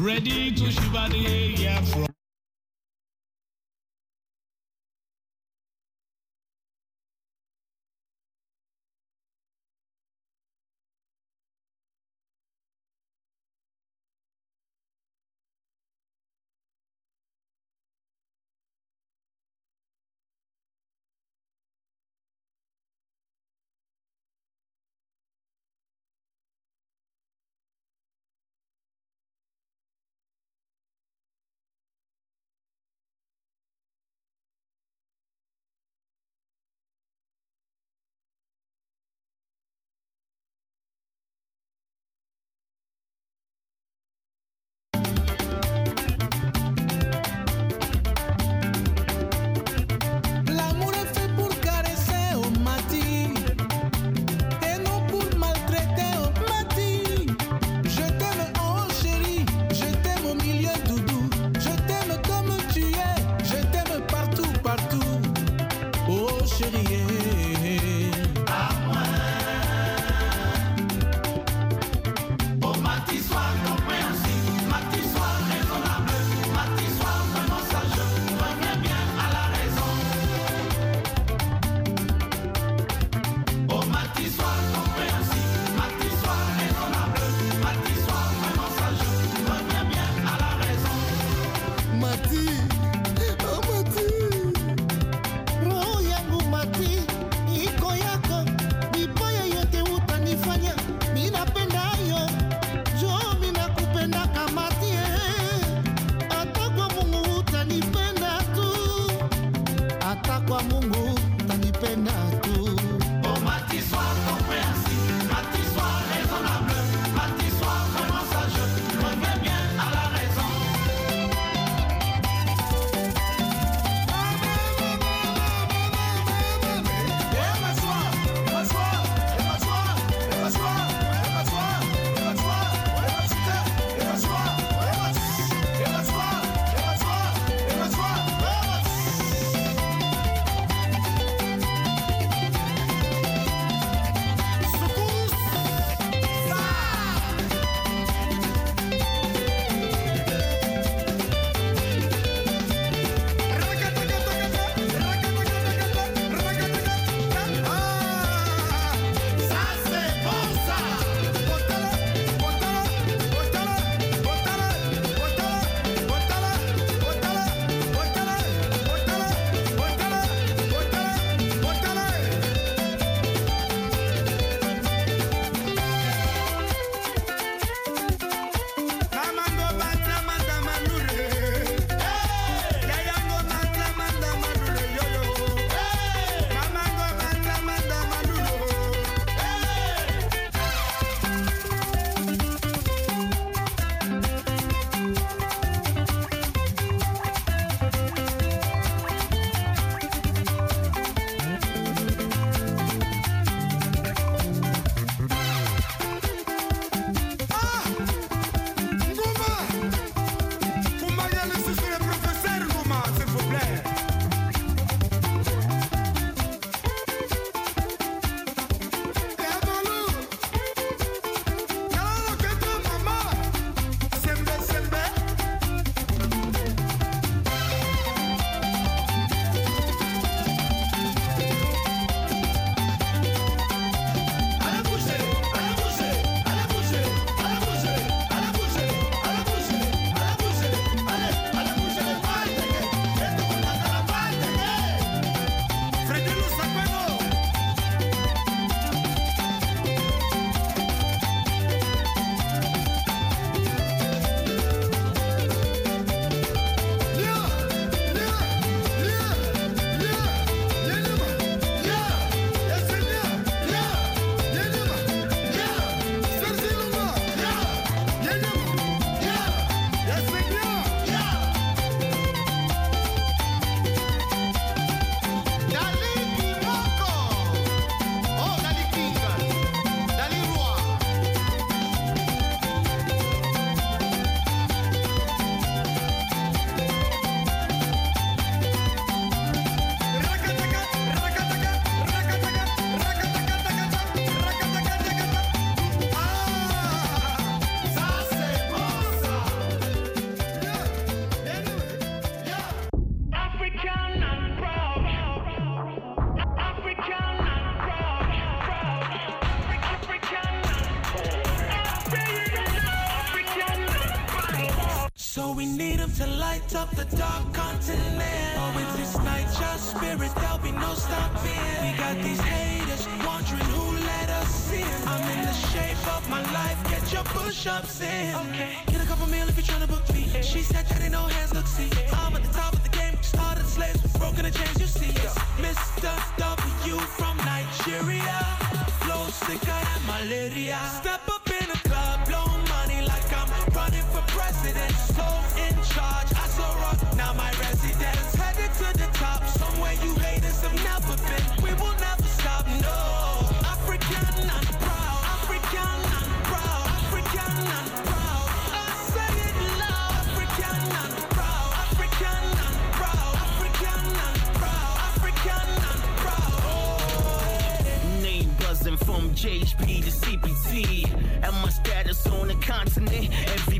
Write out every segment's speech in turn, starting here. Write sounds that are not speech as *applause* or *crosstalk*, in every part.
ready to shiver the air from. sin. Okay. Get a couple meal if you're trying to book me. She said that ain't no hands, look, see. I'm at the top of the game, started the slaves, broken the chains, you see. Mr. W from Nigeria. flow sicker than malaria. Step up in a club, blow money like I'm running for president. So in charge, I saw rock, now my rest. JHP to CPT. And my status on the continent. Every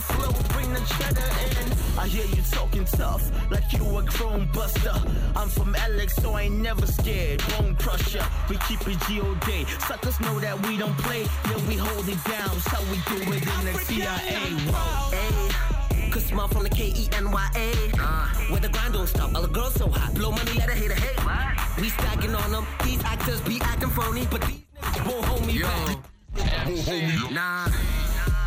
flow, bring the cheddar in. I hear you talking tough, like you a chrome buster. I'm from Alex, so I ain't never scared. Bone crusher, we keep it G.O.D. Suckers know that we don't play, yeah, we hold it down. So we do it in the CIA. Cause small from the K-E-N-Y-A uh, Where the grind don't stop, all the girls so hot Blow money, let a hater. hate what? We stacking on them, these actors be acting phony But these niggas won't hold me Yo. back Won't hold me Nah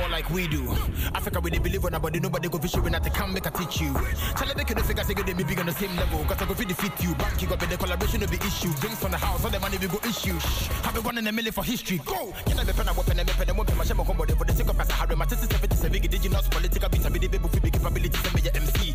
war like we do. Africa, we they believe on nobody, nobody go fish when I can make a teach you. Tell Charlie, they can't figure say they be big on the same level. Cause I go defeat you. Bank you got the collaboration will be issue. Drinks on the house, all the money we go issue. Shh, have been one in a million for history. Go! Can I be pen a weapon and pen and won't my shame on combo for the sake of Sahara? My sister 77 did you not political beats? I be the baby with big capabilities and major MC.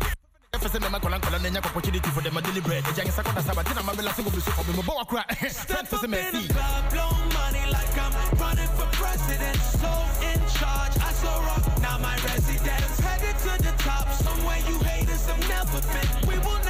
First them a call and call and then opportunity for them a deliberate. The young sakota sabatina my bella *laughs* single for me boy cry. Stand for me. Blow money like I'm running for president. So in charge, I so rock. Now my residence headed to the top. Somewhere you haters have never been. We will.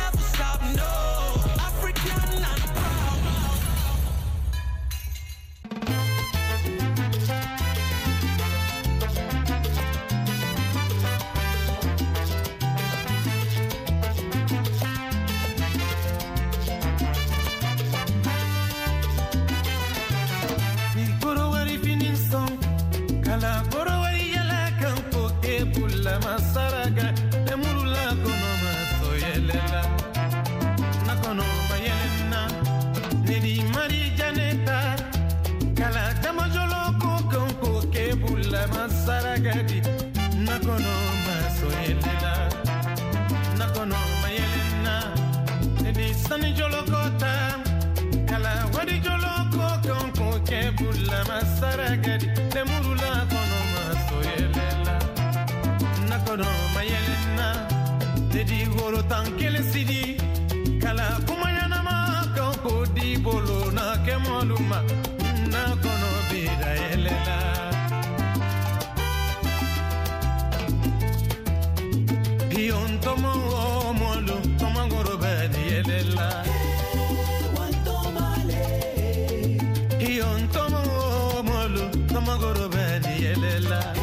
¡Eh! cuánto male y on tomo molo tomo goro ben y elela!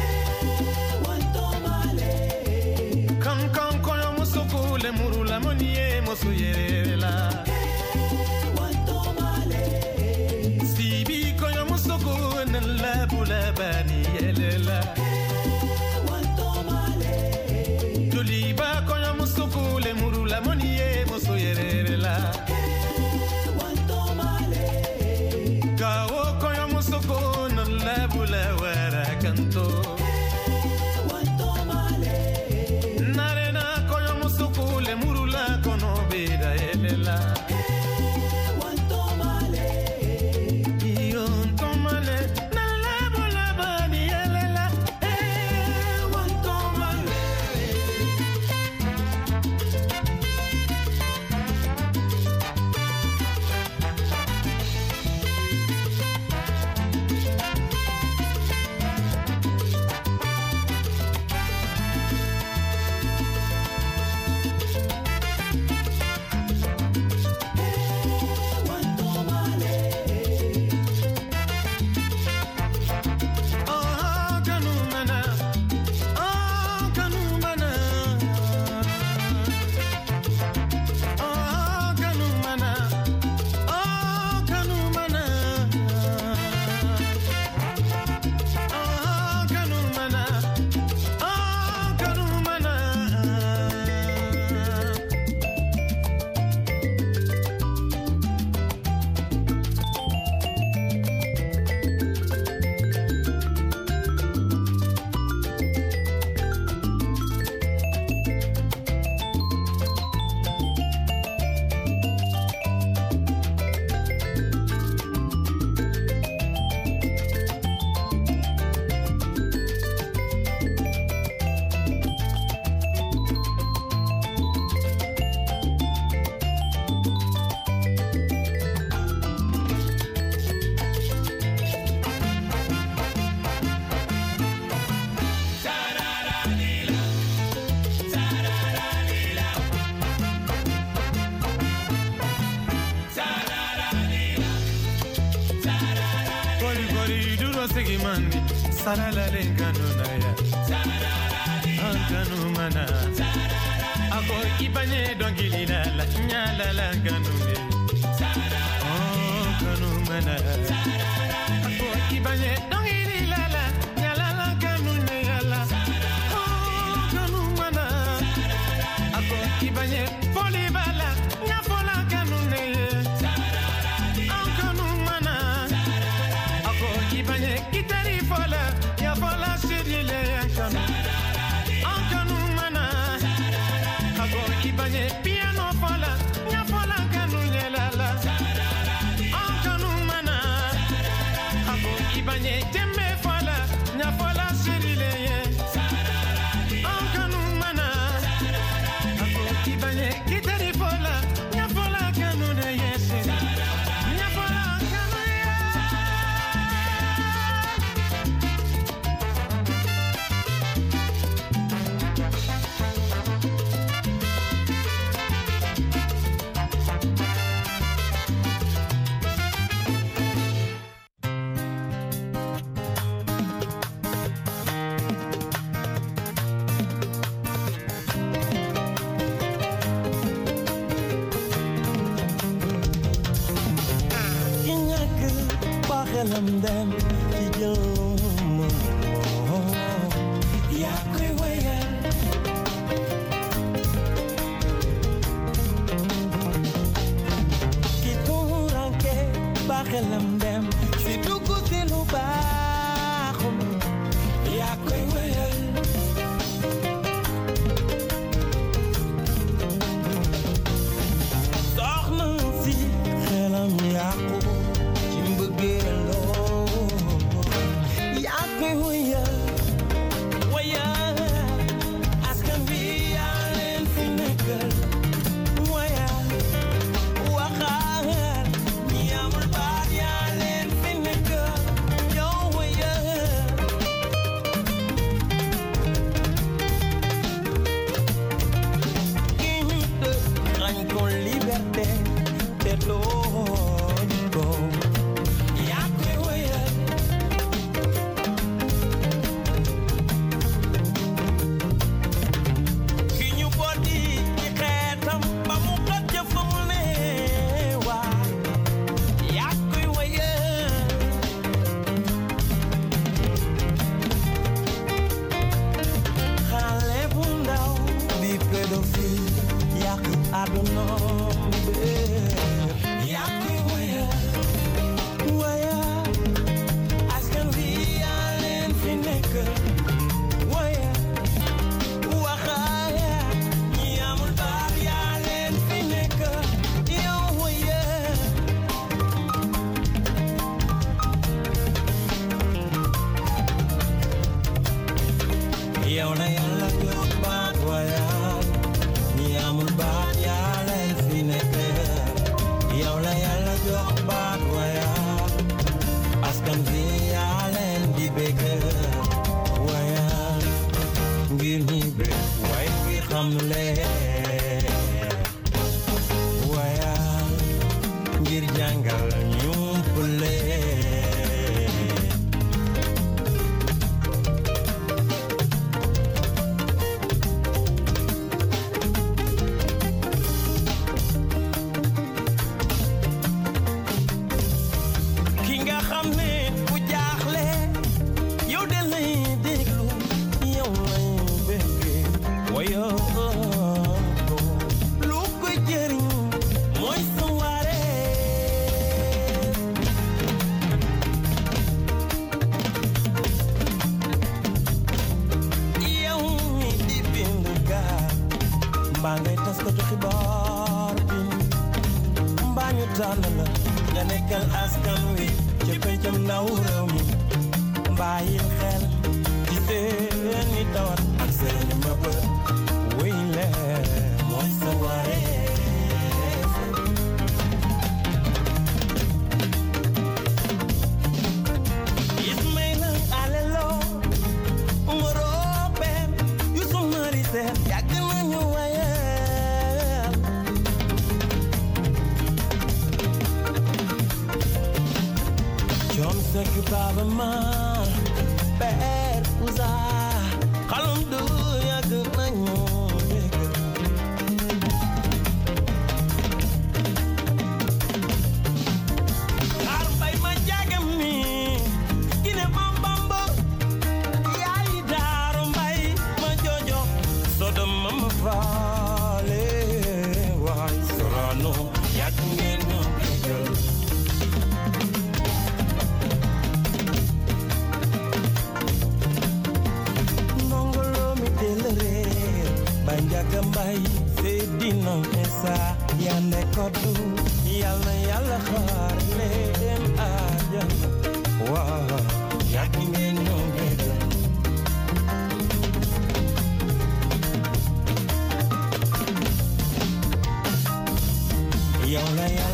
salala lengano na ya ankanu mana ako ibanye dongilila la nyala la grande i Amen. Sei que a mão, perto usar. ay te dina esa yande kodu yalla yalla xaar leen ajana wa yak ngeen no begal yalla yalla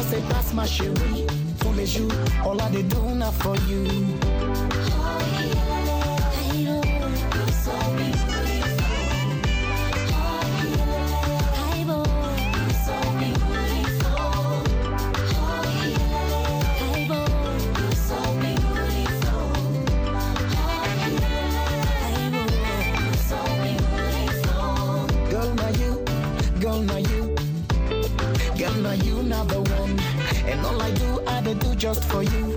I say that's my chérie. Tous les jours, all I do now for you. And all I do, I did do just for you.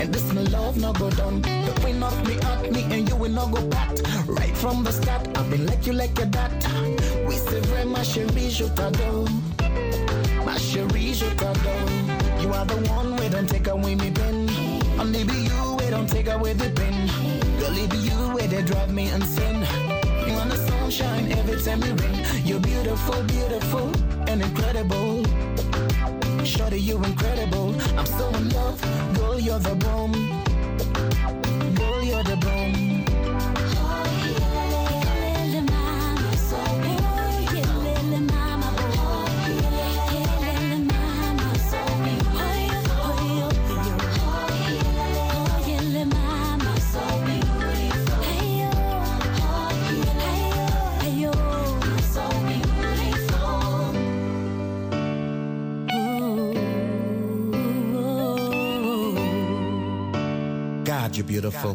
And this my love no go done. The queen of me at me and you will not go back. Right from the start, I've been like you like a dat. We say very ma chérie, je t'adore. Ma chérie, je t'adore. You are the one we don't take away me pen. Only be you we don't take away the pen. Girl, it be you where they drive me insane sunshine every time you rain. You're beautiful, beautiful, and incredible. Shorty, you are incredible. I'm so in love. Girl, you're the bomb. Girl, you're the bomb. beautiful.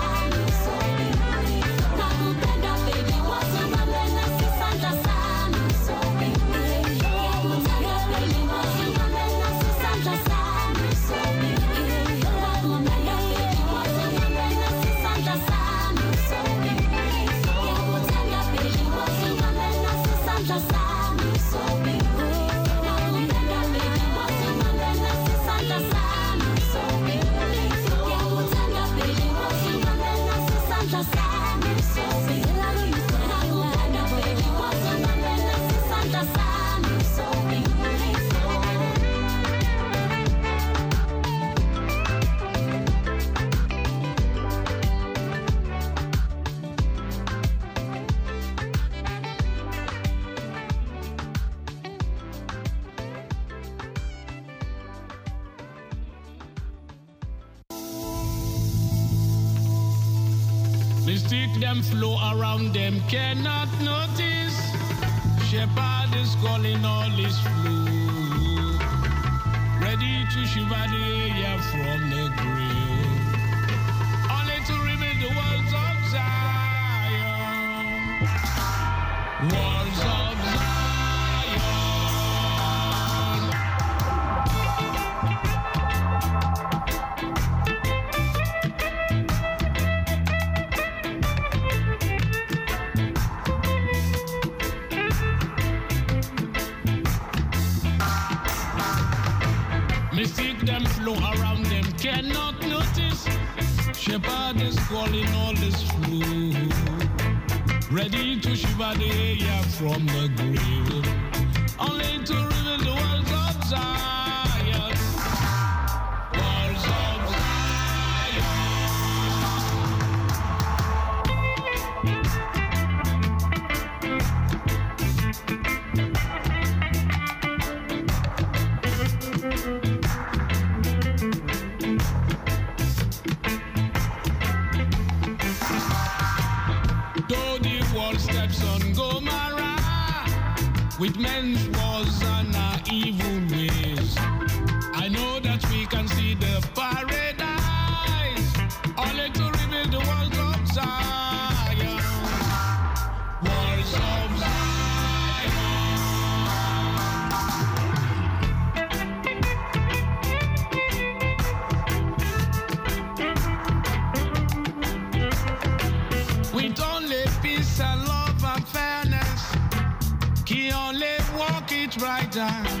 cannot. in all this room, ready to shiver the air from the grave, only to reveal the world's upside. with men's was an evil brighter.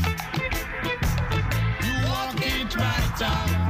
time.